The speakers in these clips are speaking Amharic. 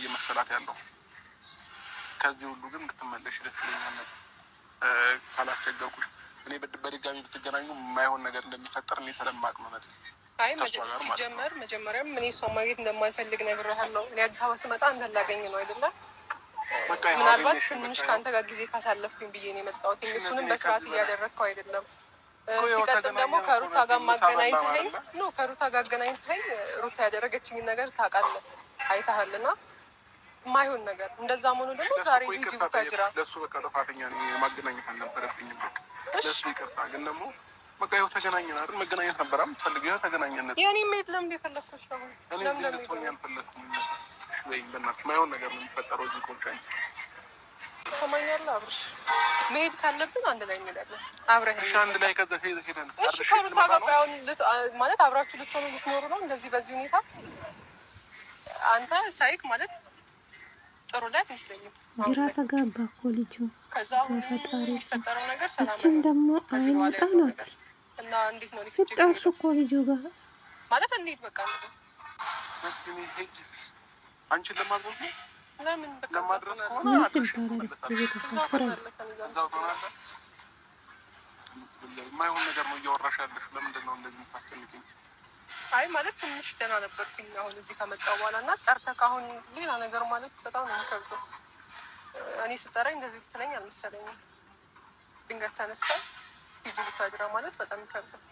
ነው እየመሰላት ያለው። ከዚህ ሁሉ ግን ብትመለሽ ደስ ይለኛል ካላስቸገርኩሽ። እኔ በድጋሚ ብትገናኙ የማይሆን ነገር እንደሚፈጠር እኔ ስለማቅ ማለት ነው። አይ ሲጀመር መጀመሪያም እኔ እሷን ማግኘት እንደማልፈልግ ነግሬሃለሁ። እኔ አዲስ አበባ ስመጣ አንተን ላገኝ ነው አይደለም። ምናልባት ትንሽ ከአንተ ጋር ጊዜ ካሳለፍኩኝ ብዬ ነው የመጣሁት። እሱንም በስርዓት እያደረግከው አይደለም። ሲቀጥል ደግሞ ከሩታ ጋር ማገናኝተኸኝ ኖ ከሩታ ጋር አገናኝተኸኝ ሩታ ያደረገችኝ ነገር ታውቃለህ፣ አይተሃልና ማይሆን ነገር እንደዛ መሆኑ ደግሞ ዛሬ ልጅ ብታጅራ ለሱ በቃ ጥፋተኛ ነው ማገናኘት አልነበረብኝም። በቃ ለሱ ይቅርታ። ግን ደግሞ በቃ ይኸው ተገናኘን አይደል? መገናኘት ነበር የምትፈልግ ይኸው ተገናኘነት። የእኔ ሜት ለምንድን የፈለግኩሽ ነው? እኔ ልትሆኝ አልፈለግኩም። ወይም በእናትሽ ማይሆን ነገር ነው የሚፈጠረው እዚህ ኮንቻኝ ሰማኛለ አብርሽ፣ መሄድ ካለብን አንድ ላይ እንሄዳለን አብረህ እሺ። አንድ ላይ ከዛ ሄደ ሄደን እሺ፣ ከሩታ ጋር አሁን ማለት አብራችሁ ልትሆኑ ልትኖሩ ነው እንደዚህ በዚህ ሁኔታ አንተ ሳይክ ማለት ጥሩላት አይመስለኝም። ግራ ተጋባ እኮ ልጁ በፈጣሪ እችም ደግሞ አይመጣ ናት ስጣሽ እኮ ልጁ ጋር ማለት እንዴት በቃ አንቺን ለማድረግ ለምን በቃ የማይሆን ነገር ነው እያወራሽ ያለሽ። ለምንድን ነው እንደዚህ የምታስጨንቂኝ? አይ ማለት ትንሽ ደህና ነበርኩኝ። አሁን እዚህ ከመጣሁ በኋላ እና ጠርተህ ከአሁን ሌላ ነገር ማለት በጣም ነው የሚከብደው። እኔ ስጠራኝ እንደዚህ ትለኝ አልመሰለኝም። ድንገት ተነስታ ሂጂ ቡታጅራ ማለት በጣም ይከብዳል።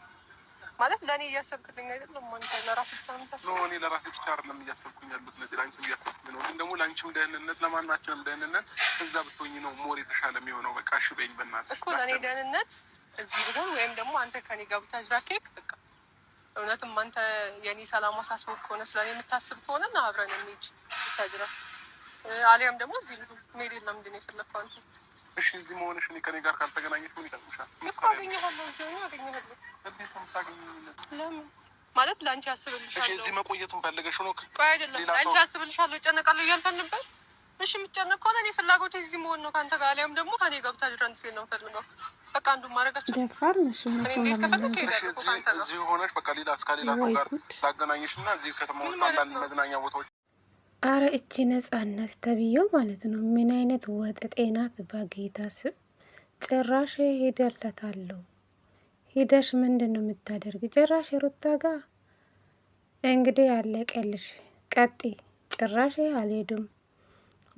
ማለት ለእኔ እያሰብክልኝ አይደለም አንተ ለራስ ብቻ ነው የምታስበው። እኔ ለራሴ ብቻ አይደለም እያሰብኩኝ ያሉት ነገር አንቺም እያሰብኩኝ ነው። ግን ደግሞ ለአንቺም ደህንነት፣ ለማናቸውም ደህንነት እዛ ብትሆኝ ነው ሞር የተሻለ የሚሆነው። በቃ እሺ በይኝ በእናትህ እኮ ለእኔ ደህንነት እዚህ ብሆን ወይም ደግሞ አንተ ከኔ ጋር ብታጅራ ኬክ በቃ እውነትም አንተ የኔ ሰላም አሳስቦት ከሆነ ስለኔ የምታስብ ከሆነ ና አብረን እንሂድ ታጅራ፣ አሊያም ደግሞ እዚህ ሜድ የለም። ምንድን ነው የፈለግከው አንተ? እሺ እዚህ መሆንሽ እኔ ከኔ ጋር ካልተገናኘሽ ምን ይጠቅምሻል? እኮ አገኘሃለሁ፣ እዚህ ሆኖ አገኘሃለሁ። ለምን ማለት ለአንቺ አስብልሻለሁ። እዚህ መቆየት እንፈልገሽ ነው። ቆይ አይደለም ለአንቺ አስብልሻለሁ፣ እጨነቃለሁ እያልከን ነበር። እሺ የምትጨነቅ ከሆነ እኔ ፍላጎቴ እዚህ መሆን ነው ከአንተ ጋር፣ አሊያም ደግሞ ከኔ ገብታ ጅራ እንድትሄድ ነው ፈልገው በቃ አንዱ አረ እቺ ነጻነት ተብዬው ማለት ነው። ምን አይነት ወጠጤ ናት! በጌታ ስም ጭራሽ ሄደለታለሁ። ሂደሽ ምንድን ነው የምታደርግ? ጭራሽ ሩታ ጋ እንግዲህ ያለቀልሽ ቀጢ ጭራሽ አልሄዱም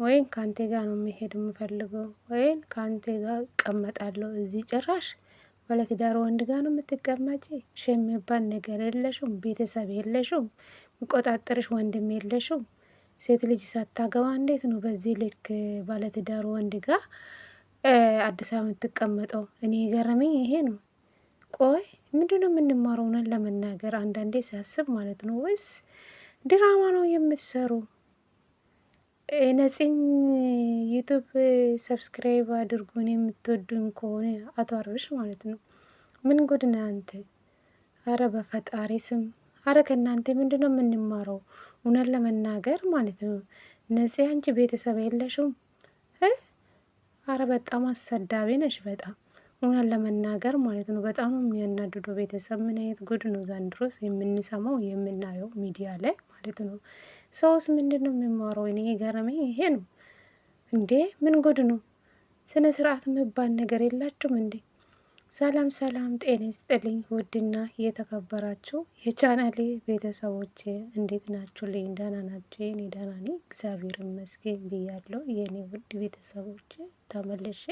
ወይን ካንቴ ጋር ነው መሄድ የምፈልገው ወይን ካንቴ ጋር እቀመጣለሁ። እዚህ ጭራሽ ባለትዳር ወንድ ጋር ነው የምትቀመጪ ሸም የሚባል ነገር የለሽም ቤተሰብ የለሽም የሚቆጣጠርሽ ወንድም የለሽም። ሴት ልጅ ሳታገባ እንዴት ነው በዚህ ልክ ባለትዳር ወንድ ጋር አዲስ አበባ የምትቀመጠው? እኔ የገረመኝ ይሄ ነው። ቆይ ምንድነው የምንማረው? ነን ለመናገር አንዳንዴ ሲያስብ ማለት ነው። ወይስ ድራማ ነው የምትሰሩ? ነፂን ዩቱብ ሰብስክራይብ አድርጉን የምትወዱን ከሆነ አቶ አርብሽ ማለት ነው። ምን ጉድ አንተ! አረ በፈጣሪ ስም አረ ከእናንተ ምንድን ነው የምንማረው? እውነት ለመናገር ማለት ነው። ነፂ አንቺ ቤተሰብ የለሽም። አረ በጣም አሰዳቢ ነሽ በጣም እውነት ለመናገር ማለት ነው በጣም ነው የሚያናድዱ ቤተሰብ ምን አይነት ጉድ ነው ዘንድሮስ የምንሰማው የምናየው ሚዲያ ላይ ማለት ነው። ሰውስ ምንድን ነው የሚማረው? እኔ የገረመኝ ይሄ ነው። እንዴ ምን ጉድ ነው! ስነ ስርዓት የሚባል ነገር የላችሁም እንዴ? ሰላም ሰላም፣ ጤና ይስጥልኝ ውድና የተከበራችሁ የቻናሌ ቤተሰቦቼ እንዴት ናችሁ? ልኝ ደህና ናቸው የኔ ደህና ነኝ እግዚአብሔር ይመስገን ብያለሁ። የኔ ውድ ቤተሰቦቼ ተመልሼ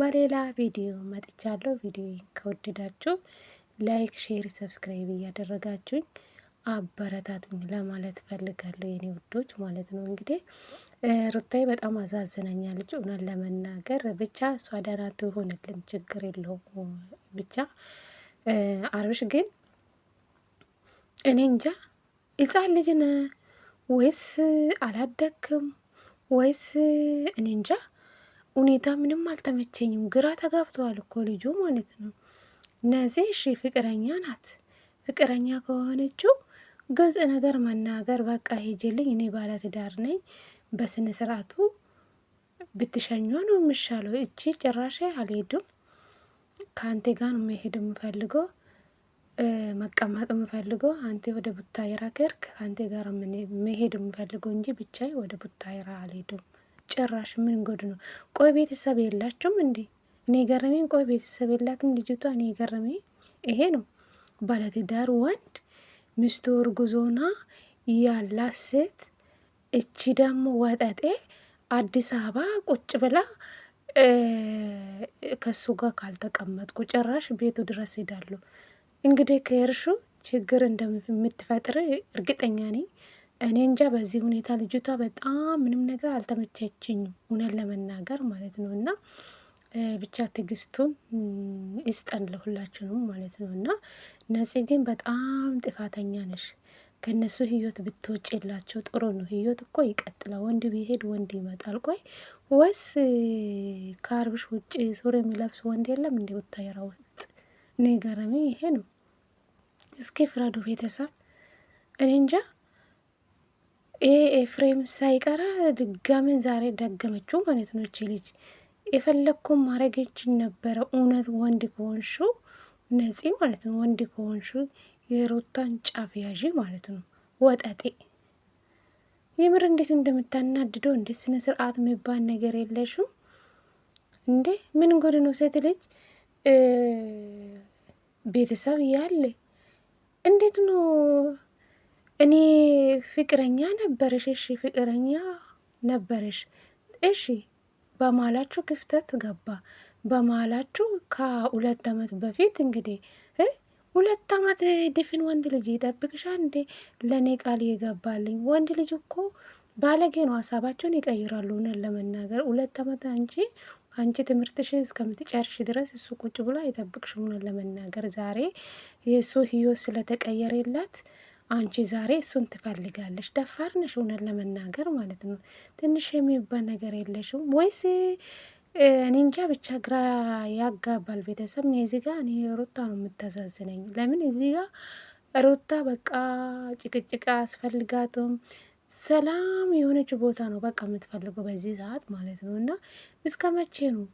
በሌላ ቪዲዮ መጥቻለሁ። ቪዲዮ ከወደዳችሁ ላይክ፣ ሼር፣ ሰብስክራይብ እያደረጋችሁኝ አበረታቱኝ ለማለት ፈልጋለሁ የኔ ውዶች ማለት ነው። እንግዲህ ሩታዬ በጣም አዛዝናኛለች እውነት ለመናገር ብቻ እሷ ደህና ትሆንልን ችግር የለውም። ብቻ አብርሽ ግን እኔ እንጃ ሕፃን ልጅ ነህ ወይስ አላደክም ወይስ እኔ እንጃ ሁኔታ ምንም አልተመቸኝም። ግራ ተጋብተዋል እኮ ልጁ ማለት ነው። ነዚህ እሺ ፍቅረኛ ናት። ፍቅረኛ ከሆነችው ግልጽ ነገር መናገር በቃ ሄጅልኝ፣ እኔ ባለትዳር ነኝ፣ በስነ ስርዓቱ ብትሸኛ ነው የምሻለው። እቺ ጭራሽ አልሄዱም፣ ከአንቴ ጋር ነው መሄድ የምፈልገው፣ መቀመጥ የምፈልገው፣ አንቴ ወደ ቡታይራ ከርክ ከአንቴ ጋር መሄድ የምፈልገው እንጂ ብቻ ወደ ቡታይራ አልሄዱም። ጭራሽ ምን ጎድ ነው? ቆይ ቤተሰብ የላቸውም እንዴ? እኔ ገረሜን። ቆይ ቤተሰብ የላትም ልጅቷ። እኔ ገረሜ ይሄ ነው። ባለትዳር ወንድ ሚስቱ እርጉዞና ያላት ሴት፣ እቺ ደግሞ ወጠጤ አዲስ አበባ ቁጭ ብላ ከሱ ጋር ካልተቀመጥኩ ጭራሽ ቤቱ ድረስ ሄዳለሁ። እንግዲህ ከእርሹ ችግር እንደምትፈጥር እርግጠኛ ነኝ። እኔ እንጃ በዚህ ሁኔታ ልጅቷ በጣም ምንም ነገር አልተመቻችኝም፣ እውነት ለመናገር ማለት ነው። እና ብቻ ትግስቱ ይስጠን ለሁላችንም ማለት ነው። እና ነፂ ግን በጣም ጥፋተኛ ነሽ። ከእነሱ ህይወት ብትወጭ የላቸው ጥሩ ነው። ህይወት እኮ ይቀጥላል። ወንድ ቢሄድ ወንድ ይመጣል። ቆይ ወስ ከአርብሽ ውጭ ሱሪ የሚለብስ ወንድ የለም? እንዲ ብታየራ ውስጥ እኔ ገረመኝ ይሄ ነው። እስኪ ፍረዱ ቤተሰብ እኔ እንጃ። ይሄ ኤፍሬም ሳይቀራ ድጋምን ዛሬ ደገመችው ማለት ነው። እቺ ልጅ የፈለግኩም ማድረግ ነበረ። እውነት ወንድ ከሆንሹ ነፂ ማለት ነው። ወንድ ከሆንሹ የሩታን ጫፍ ያዥ ማለት ነው። ወጠጤ የምር እንዴት እንደምታናድደው እንዴ! ስነ ስርዓት የሚባል ነገር የለሽም እንዴ! ምን ጉድ ነው! ሴት ልጅ ቤተሰብ ያለ እንዴት ነው እኔ ፍቅረኛ ነበረሽ፣ እሺ ፍቅረኛ ነበረሽ፣ እሺ በማላችሁ ክፍተት ገባ። በማላችሁ ከሁለት ዓመት በፊት እንግዲህ ሁለት ዓመት ድፍን ወንድ ልጅ ይጠብቅሻ እንዴ? ለእኔ ቃል የገባልኝ ወንድ ልጅ እኮ ባለጌ ነው። ሀሳባቸውን ይቀይራሉ። እውነት ለመናገር ሁለት ዓመት አንቺ አንቺ ትምህርትሽን እስከምትጨርሽ ድረስ እሱ ቁጭ ብሎ አይጠብቅሽ። እውነት ለመናገር ዛሬ የእሱ ህይወት ስለተቀየረላት አንቺ ዛሬ እሱን ትፈልጋለሽ። ደፋር ነሽ፣ እውነት ለመናገር ማለት ነው። ትንሽ የሚባል ነገር የለሽም ወይስ እኔ እንጃ ብቻ ግራ ያጋባል። ቤተሰብ እኔ እዚህ ጋ እኔ ሩታ ነው የምታሳዝነኝ። ለምን እዚህ ጋ ሩታ በቃ ጭቅጭቅ አስፈልጋትም ሰላም የሆነች ቦታ ነው በቃ የምትፈልገው በዚህ ሰዓት ማለት ነው። እና እስከ መቼ ነው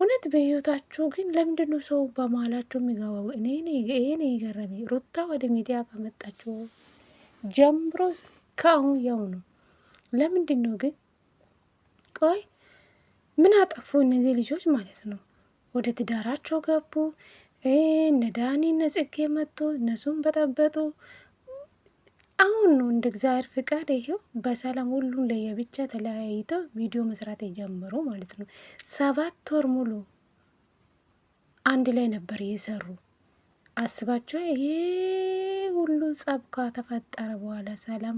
እውነት በህይወታችሁ ግን ለምንድን ነው ሰው በመሀላችሁ የሚገባው? እኔ ይሄ የገረመኝ። ሩታ ወደ ሚዲያ ከመጣችሁ ጀምሮ እስካሁን ያው ነው። ለምንድን ነው ግን? ቆይ ምን አጠፉ እነዚህ ልጆች ማለት ነው? ወደ ትዳራቸው ገቡ። እነ ዳኒ እነ ጽጌ መጡ፣ እነሱም በጠበጡ። አሁን ነው እንደ እግዚአብሔር ፍቃድ ይሄው በሰላም ሁሉም ለየብቻ ተለያይተው ቪዲዮ መስራት የጀመሩ ማለት ነው። ሰባት ወር ሙሉ አንድ ላይ ነበር የሰሩ። አስባቸው ይሄ ሁሉ ጸብ ከተፈጠረ በኋላ ሰላም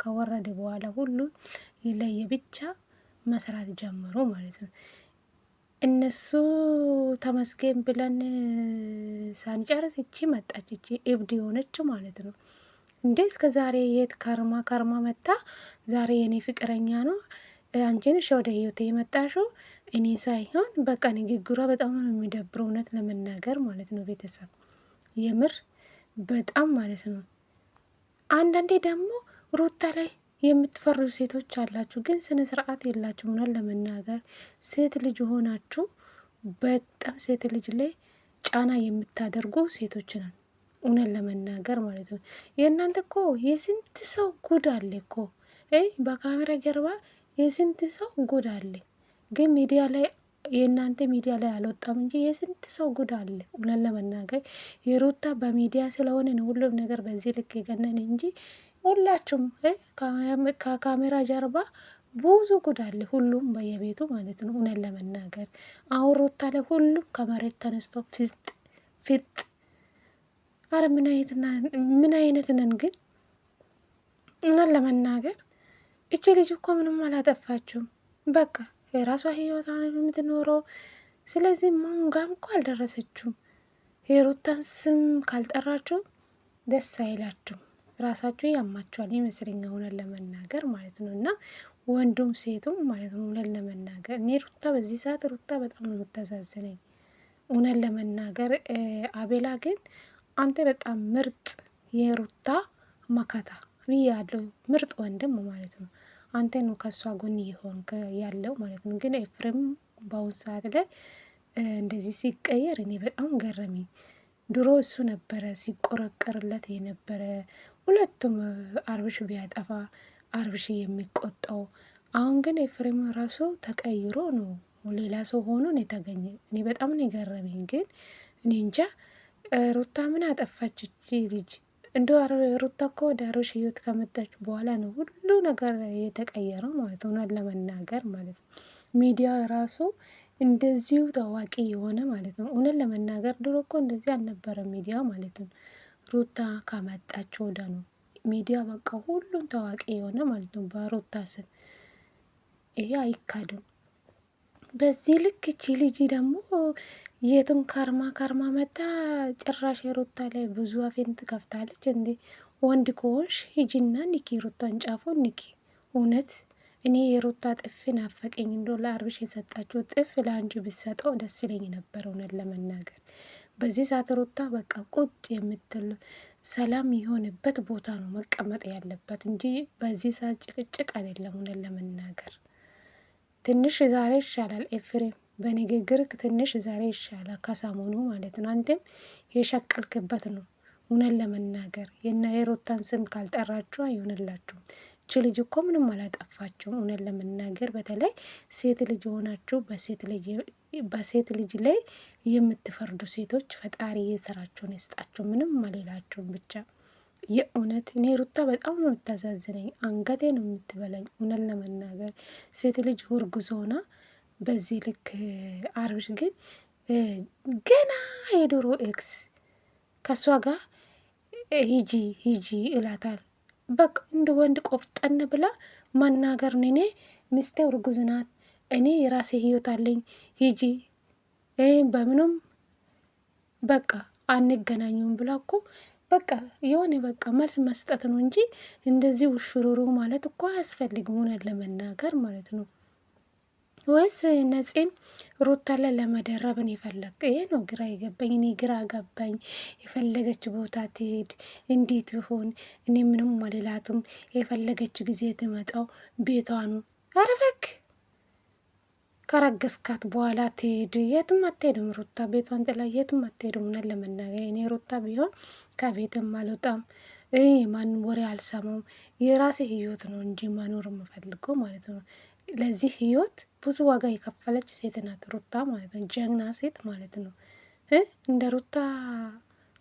ከወረደ በኋላ ሁሉ ይለየ ብቻ መስራት ጀመሩ ማለት ነው። እነሱ ተመስገን ብለን ሳንጨርስ እቺ መጣች፣ እቺ እብድ የሆነች ማለት ነው። እንዴ እስከ ዛሬ የት ከርማ ከርማ መጣ? ዛሬ የኔ ፍቅረኛ ነው አንቺንሽ ወደ ህይወት የመጣሽው እኔ ሳይሆን በቃ ንግግሯ በጣም የሚደብር እውነት ለመናገር ማለት ነው ቤተሰብ የምር በጣም ማለት ነው። አንዳንዴ ደግሞ ሩታ ላይ የምትፈርዱ ሴቶች አላችሁ፣ ግን ስነ ስርዓት የላችሁ። ምናል ለመናገር ሴት ልጅ ሆናችሁ በጣም ሴት ልጅ ላይ ጫና የምታደርጉ ሴቶች ነን። እውነት ለመናገር ማለት ነው። የእናንተ እኮ የስንት ሰው ጉድ አለ እኮ በካሜራ ጀርባ የስንት ሰው ጉድ አለ፣ ግን ሚዲያ ላይ የእናንተ ሚዲያ ላይ አልወጣም እንጂ የስንት ሰው ጉድ አለ። እውነት ለመናገር የሩታ በሚዲያ ስለሆነ ነው ሁሉም ነገር በዚህ ልክ የገነን እንጂ ሁላችሁም ከካሜራ ጀርባ ብዙ ጉድ አለ። ሁሉም በየቤቱ ማለት ነው። እውነት ለመናገር አሁን ሩታ ላይ ሁሉም ከመሬት ተነስቶ ፍጥ ፍጥ። አረ ምን አይነት ነን ግን? እውነት ለመናገር እቺ ልጅ እኮ ምንም አላጠፋችሁም። በቃ የራሷ ህይወቷ ነው የምትኖረው። ስለዚህ ማን ጋም እኮ አልደረሰችውም። የሩታን ስም ካልጠራችሁ ደስ አይላችሁም። ራሳችሁ ያማችኋል ይመስለኛል፣ ሆነን ለመናገር ማለት ነው እና ወንዱም ሴቱም ማለት ነው። ሆነን ለመናገር እኔ ሩታ በዚህ ሰዓት ሩታ በጣም ነው የምታዛዝነኝ። እውነት ለመናገር አቤላ ግን አንተ በጣም ምርጥ የሩታ መከታ ብያለሁ፣ ምርጥ ወንድም ማለት ነው። አንተ ነው ከእሷ ጎን እየሆን ያለው ማለት ነው። ግን ኤፍሬም በአሁን ሰዓት ላይ እንደዚህ ሲቀየር እኔ በጣም ገረመኝ። ድሮ እሱ ነበረ ሲቆረቀርለት የነበረ ሁለቱም አብርሽ ቢያጠፋ አብርሽ የሚቆጣው። አሁን ግን ኤፍሬም ራሱ ተቀይሮ ነው ሌላ ሰው ሆኖ ነው የተገኘ። እኔ በጣም ነው የገረመኝ። ግን እኔ እንጃ ሩታ ምን አጠፋች ልጅ እንደ ሩታ እኮ ወደ አብርሽ ህይወት ከመጣች በኋላ ነው ሁሉ ነገር የተቀየረው ማለት ሆኗል ለመናገር ማለት ነው። ሚዲያ ራሱ እንደዚሁ ታዋቂ የሆነ ማለት ነው። እውነት ለመናገር ድሮ እኮ እንደዚህ አልነበረ ሚዲያ ማለት ነው። ሩታ ከመጣች ወደ ነው ሚዲያ በቃ ሁሉም ታዋቂ የሆነ ማለት ነው በሩታ ስም። ይሄ አይካድም። በዚህ ልክ እቺ ልጅ ደግሞ የትም ካርማ ካርማ መታ ጭራሽ የሩታ ላይ ብዙ አፌን ትከፍታለች። እንዲ ወንድ ከሆንሽ ሂጂና ኒኪ ሩታን ጫፎ ኒኪ። እውነት እኔ የሩታ ጥፍ ናፈቀኝ። እንዶ ለአርብሽ የሰጣቸው ጥፍ ለአንቺ ብትሰጠው ደስ ይለኝ ነበር እውነት ለመናገር በዚህ ሰዓት ሩታ በቃ ቁጭ የምትል ሰላም የሆነበት ቦታ ነው መቀመጥ ያለበት እንጂ በዚህ ሰዓት ጭቅጭቅ አይደለም እውነት ለመናገር ትንሽ ዛሬ ይሻላል ኤፍሬም በንግግር ትንሽ ዛሬ ይሻላል ከሰሞኑ ማለት ነው። አንተም የሸቀልክበት ነው። እውነት ለመናገር የና የሮታን ስም ካልጠራችሁ አይሆንላችሁም። እች ልጅ እኮ ምንም አላጠፋችሁም። እውነት ለመናገር በተለይ ሴት ልጅ የሆናችሁ በሴት ልጅ ላይ የምትፈርዱ ሴቶች ፈጣሪ የስራችሁን ይስጣችሁ። ምንም አሌላችሁም ብቻ የእውነት እኔ ሩታ በጣም ነው የምታሳዝነኝ። አንገቴ ነው የምትበለኝ። እውነት ለመናገር ሴት ልጅ እርጉዝ ሆና በዚህ ልክ አብርሽ ግን ገና የድሮ ኤክስ ከእሷ ጋር ሂጂ ሂጂ ይላታል። በቃ እንደ ወንድ ቆፍጠን ብላ መናገር እኔ ሚስቴ እርጉዝ ናት፣ እኔ የራሴ ህይወት አለኝ፣ ሂጂ በምንም በቃ አንገናኙም ብላ እኮ በቃ የሆነ በቃ መልስ መስጠት ነው እንጂ እንደዚህ ውሽሩሩ ማለት እኮ አያስፈልግም፣ እውነት ለመናገር ማለት ነው። ወይስ ነፂን ሩታ ላይ ለመደረብን የፈለግ ይሄ ነው ግራ የገባኝ። እኔ ግራ ገባኝ። የፈለገች ቦታ ትሄድ እንዴት ይሆን? እኔ ምንም አልላትም። የፈለገች ጊዜ ትመጣው ቤቷ ነው። ኧረ ከረገስካት በኋላ ትሄድ። የትም አትሄድም ሩታ። ቤቷን ጥላ የትም አትሄድም። እውነት ለመናገር እኔ ሩታ ቢሆን ከቤትም አልወጣም። ማን ወሬ አልሰማም። የራሴ ህይወት ነው እንጂ መኖር የምፈልገው ማለት ነው። ለዚህ ህይወት ብዙ ዋጋ የከፈለች ሴት ናት ሩታ ማለት ነው። ጀግና ሴት ማለት ነው። እንደ ሩታ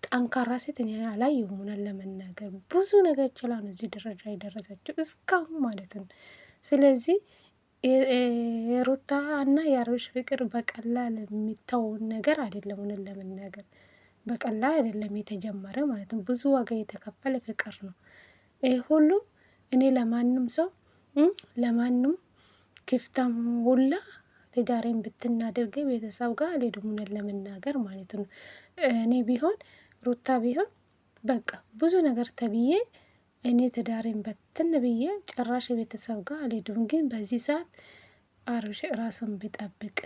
ጠንካራ ሴት እኔ አላየሁም። እውነት ለመናገር ብዙ ነገር ችላ ነው እዚህ ደረጃ የደረሰችው እስካሁን ማለት ነው። ስለዚህ የሩታ እና የአብርሽ ፍቅር በቀላል የሚታወን ነገር አይደለም ሆነን ለመናገር በቀላል አይደለም የተጀመረ ማለት ነው። ብዙ ዋጋ የተከፈለ ፍቅር ነው። ይህ ሁሉ እኔ ለማንም ሰው ለማንም ክፍታም ሁላ ትዳሬን ብትናደርገ ቤተሰብ ጋር ሌድሙነን ለመናገር ማለት ነው። እኔ ቢሆን ሩታ ቢሆን በቃ ብዙ ነገር ተብዬ እኔ ትዳሬን በትን ብዬ ጭራሽ ቤተሰብ ጋር አልሄድም። ግን በዚህ ሰዓት አብርሽ ራስን ቢጠብቅ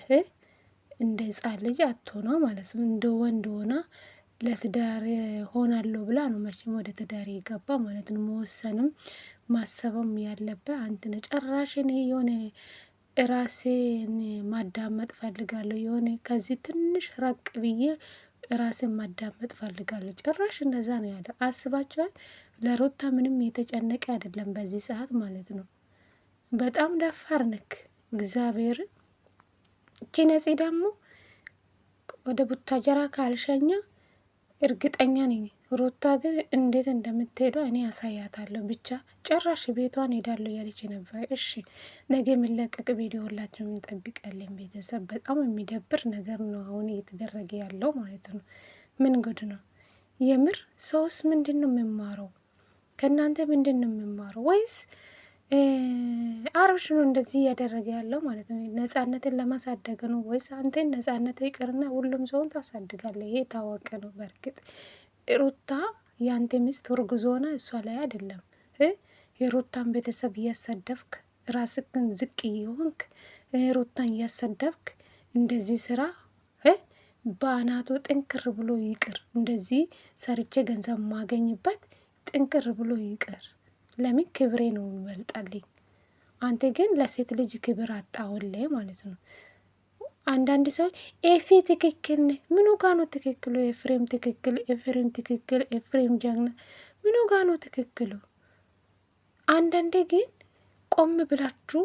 እንደ ህፃን ልጅ አትሆኗ ማለት ነው። እንደ ወንድ ሆና ለትዳር ሆናለሁ ብላ ነው መቼም ወደ ትዳር የገባ ማለት ነው። መወሰንም ማሰብም ያለበት አንተ ነህ። ጭራሽ እኔ የሆነ ራሴን ማዳመጥ ፈልጋለሁ የሆነ ከዚህ ትንሽ ራቅ ብዬ ራሴን ማዳመጥ ፈልጋለሁ። ጭራሽ እንደዛ ነው ያለው አስባችኋል። ለሮታ ምንም የተጨነቀ አይደለም በዚህ ሰዓት ማለት ነው። በጣም ደፋር ነክ እግዚአብሔርን እቺ ነፂ ደግሞ ወደ ቡታጀራ ካልሸኛ እርግጠኛ ነኝ። ሩታ ግን እንዴት እንደምትሄደው እኔ ያሳያታለሁ። ብቻ ጭራሽ ቤቷን ሄዳለሁ ያለች ነበር። እሺ ነገ የሚለቀቅ ቪዲዮ ሁላችንም እንጠብቃለን። ቤተሰብ በጣም የሚደብር ነገር ነው አሁን እየተደረገ ያለው ማለት ነው። ምን ጉድ ነው የምር! ሰውስ ምንድን ነው የሚማረው? ከእናንተ ምንድን ነው የሚማረው? ወይስ አብርሽ ነው እንደዚህ እያደረገ ያለው ማለት ነው። ነጻነትን ለማሳደግ ነው ወይስ አንተን ነጻነት ይቅርና ሁሉም ሰውን ታሳድጋለ ይሄ የታወቀ ነው። በእርግጥ ሩታ የአንተ ሚስት ወርጉዞና እሷ ላይ አይደለም የሩታን ቤተሰብ እያሰደብክ ራስክን ዝቅ እየሆንክ ሩታን እያሰደብክ እንደዚህ ስራ በአናቱ ጥንክር ብሎ ይቅር። እንደዚህ ሰርቼ ገንዘብ ማገኝበት ጥንቅር ብሎ ይቅር። ለምን ክብሬ ነው ይበልጣልኝ። አንተ ግን ለሴት ልጅ ክብር አጣውለ ማለት ነው። አንዳንድ ሰው ኤፊ ትክክል ነ ምኑ ጋ ነው ትክክሉ? ኤፍሬም ትክክል፣ ኤፍሬም ትክክል፣ ኤፍሬም ጀግና ምኑ ጋ ነው ትክክሉ? አንዳንዴ ግን ቆም ብላችሁ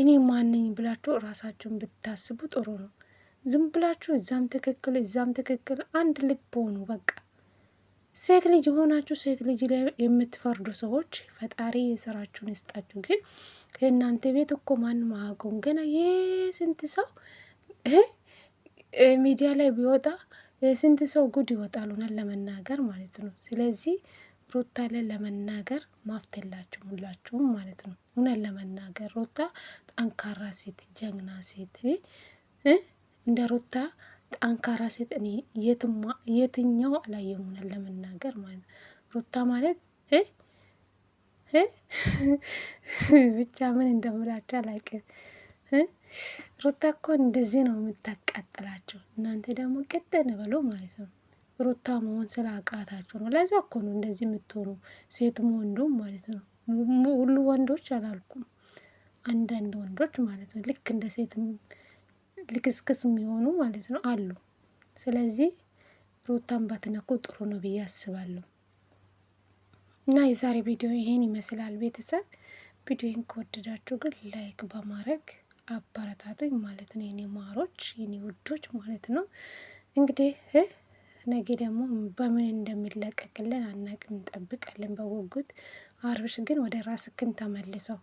እኔ ማንኝ ብላችሁ ራሳችሁን ብታስቡ ጥሩ ነው። ዝም ብላችሁ እዛም ትክክል እዛም ትክክል አንድ ልብ ሆኑ በቃ። ሴት ልጅ የሆናችሁ ሴት ልጅ የምትፈርዱ ሰዎች ፈጣሪ የስራችሁን ይስጣችሁ። ግን ከእናንተ ቤት እኮ ማን ማቆም ገና የስንት ሰው ሚዲያ ላይ ቢወጣ የስንት ሰው ጉድ ይወጣል፣ ሆናል ለመናገር ማለት ነው። ስለዚህ ሩታ ላይ ለመናገር ማፍተላችሁ ሁላችሁም ማለት ነው። እውነት ለመናገር ሩታ ጠንካራ ሴት፣ ጀግና ሴት እንደ ሩታ ጠንካራ ሴት እኔ የትኛው አላየሁም፣ ለመናገር ማለት ነው። ሩታ ማለት ብቻ ምን እንደምላቸው አላውቅም። ሩታ እኮ እንደዚህ ነው የምታቃጥላቸው። እናንተ ደግሞ ቅጥን በሎ ማለት ነው። ሩታ መሆን ስለ አቃታቸው ነው። ለዛ እኮ ነው እንደዚህ የምትሆኑ ሴትም ወንዱም ማለት ነው። ሁሉ ወንዶች አላልኩም፣ አንዳንድ ወንዶች ማለት ነው ልክ እንደ ሴትም ልክስክስ የሚሆኑ ማለት ነው አሉ። ስለዚህ ሩታን ባትነኩ ጥሩ ነው ብዬ አስባለሁ። እና የዛሬ ቪዲዮ ይሄን ይመስላል። ቤተሰብ ቪዲዮን ከወደዳችሁ ግን ላይክ በማድረግ አበረታቱኝ ማለት ነው። የኔ ማሮች፣ የኔ ውዶች ማለት ነው። እንግዲህ ነገ ደግሞ በምን እንደሚለቀቅልን አናቅም፣ እንጠብቃለን በጉጉት። አብርሽ ግን ወደ ራስክን ተመልሰው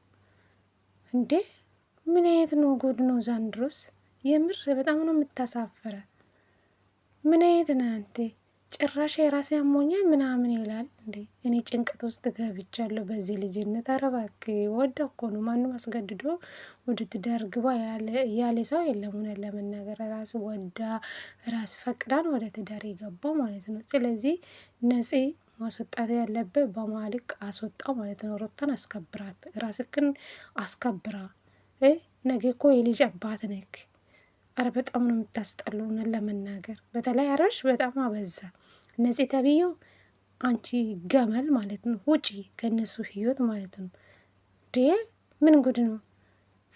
እንዴ! ምን አይነት ነው ጎድኖ ነው ዛንድሮስ የምር በጣም ነው የምታሳፍረ። ምን አይነት ነህ አንተ? ጭራሽ የራሴ አሞኛል ምናምን ይላል እንዴ! እኔ ጭንቀት ውስጥ ገብቻለሁ በዚህ ልጅነት። ኧረ እባክህ ወደ እኮ ነው ማንም አስገድዶ ወደ ትዳር ግባ ያለ ሰው የለም። እውነት ለመናገር ራስ ወዳ ራስ ፈቅዳን ወደ ትዳር የገባው ማለት ነው። ስለዚህ ነፂ ማስወጣት ያለበት በማልቅ አስወጣው ማለት ነው። ሩታን አስከብራት፣ ራስክን አስከብራ። ነገ እኮ የልጅ አባት ነክ አረ በጣም ነው የምታስጠላው ለመናገር በተለይ አብርሽ በጣም አበዛ። ነፂ ተብዬው አንቺ ገመል ማለት ነው ውጪ ከእነሱ ህይወት ማለት ነው። ዴ ምን ጉድ ነው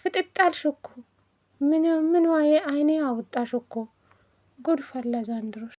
ፍጥጣልሽ እኮ ምን ምን አይኔ አወጣሽ እኮ ጉድ ፈላ ዛንድሮሽ